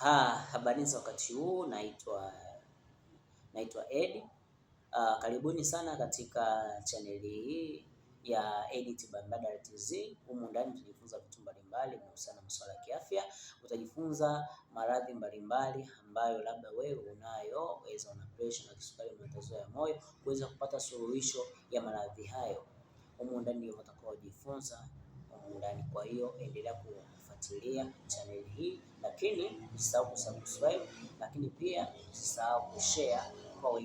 Ha, habari za wakati huu, naitwa naitwa Edi. Uh, ah, karibuni sana katika chaneli hii ya Edi Tiba Mbadala TZ. Humu ndani utajifunza vitu mbalimbali kuhusiana na masuala ya kiafya, utajifunza maradhi mbalimbali ambayo labda wewe unayo, weza una pressure na kisukari, matatizo ya moyo, kuweza kupata suluhisho ya maradhi hayo. Humu ndani ndio utakaojifunza undani. Kwa hiyo endelea kufuatilia chaneli hii, lakini usisahau kusubscribe, lakini pia usisahau kushare kwa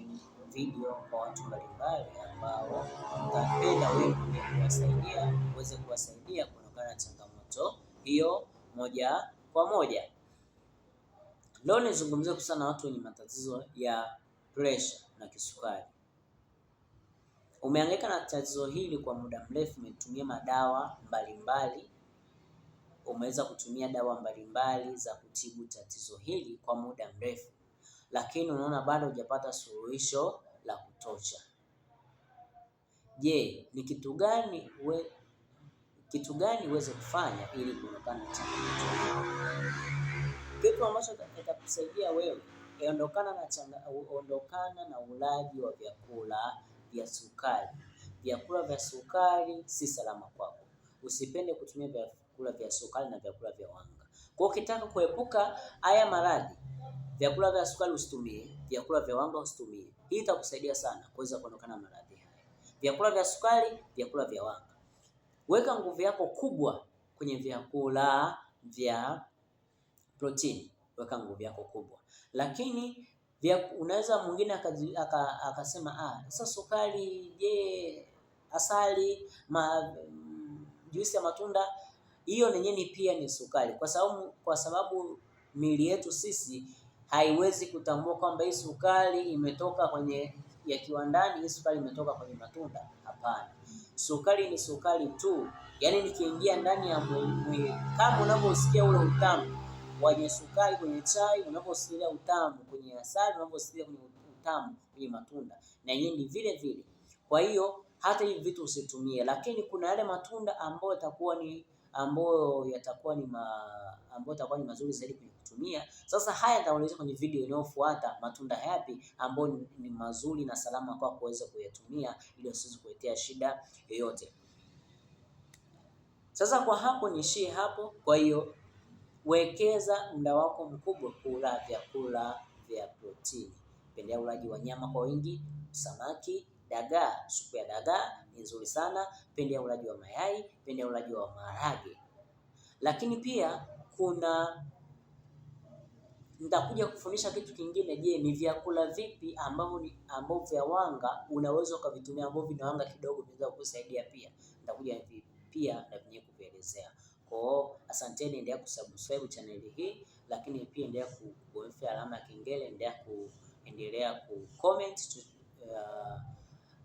video kwa watu mbalimbali ambao utapenda wewe kuwasaidia, uweze kuwasaidia kuondokana na changamoto hiyo moja kwa moja. Leo nizungumzie kuhusiana na watu wenye matatizo ya pressure na kisukari. Umehangaika na tatizo hili kwa muda mrefu, umetumia madawa mbalimbali, umeweza kutumia dawa mbalimbali za kutibu tatizo hili kwa muda mrefu, lakini unaona bado hujapata suluhisho la kutosha. Je, ni kitu gani we kitu gani uweze kufanya ili kuondokana na changamoto? Kitu ambacho kitakusaidia wewe ondokana na changa, ondokana na ulaji wa vyakula vya sukari. Vyakula vya sukari si salama kwako, usipende kutumia vyakula vya sukari na vyakula vya wanga. Kwa ukitaka kuepuka haya maradhi, vyakula vya sukari usitumie, vyakula vya wanga usitumie. Hii itakusaidia sana kuweza kuondokana na maradhi haya. Vyakula vya sukari, vyakula vya wanga, weka nguvu yako kubwa kwenye vyakula vya protini, weka nguvu yako kubwa, lakini vya unaweza mwingine akasema ah, sasa sukari, je, asali, ma, mm, juisi ya matunda hiyo nenyewe pia ni sukari, kwa sababu kwa sababu miili yetu sisi haiwezi kutambua kwamba hii sukari imetoka kwenye ya kiwandani, hii sukari imetoka kwenye matunda. Hapana, sukari ni sukari tu, yaani nikiingia ndani ya mwili, kama unavyosikia ule utamu wenye sukari kwenye chai unaposikia utamu kwenye asali, unaposikia kwenye utamu kwenye matunda, na yeye ni vile vile. Kwa hiyo hata hivi vitu usitumie, lakini kuna yale matunda ambayo yatakuwa ni ambayo yatakuwa ni ma, ambayo yatakuwa ni mazuri zaidi kwenye kutumia. Sasa haya nitaeleza kwenye video inayofuata, matunda yapi ambayo ni mazuri na salama kwa kuweza kuyatumia ili usiweze kuletea shida yoyote. Sasa kwa hapo niishie hapo, kwa hiyo Wekeza muda wako mkubwa kula vyakula vya protini. Pendea ulaji wa nyama kwa wingi, samaki, dagaa. Supu ya dagaa ni nzuri sana. Pendea ulaji wa mayai, pendea ulaji wa maharage. Lakini pia kuna nitakuja kufundisha kitu kingine. Je, ni vyakula vipi ambavyo ambavyo vya wanga unaweza ukavitumia ambavyo vina wanga kidogo vinaweza kukusaidia pia. Nitakuja pia na vyenyewe kuelezea. Kwa hiyo asanteni, endelea kusubscribe chaneli hii, lakini pia endelea kubonyeza alama ya kengele, endelea kuendelea ku comment uh,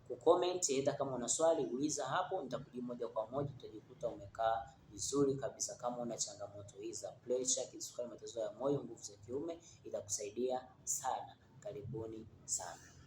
ku comment aidha, kama una swali uliza hapo, nitakujibu moja kwa moja. Utajikuta umekaa vizuri kabisa. Kama una changamoto hizi za pressure, kisukari, matatizo ya moyo, nguvu za kiume, itakusaidia sana. Karibuni sana.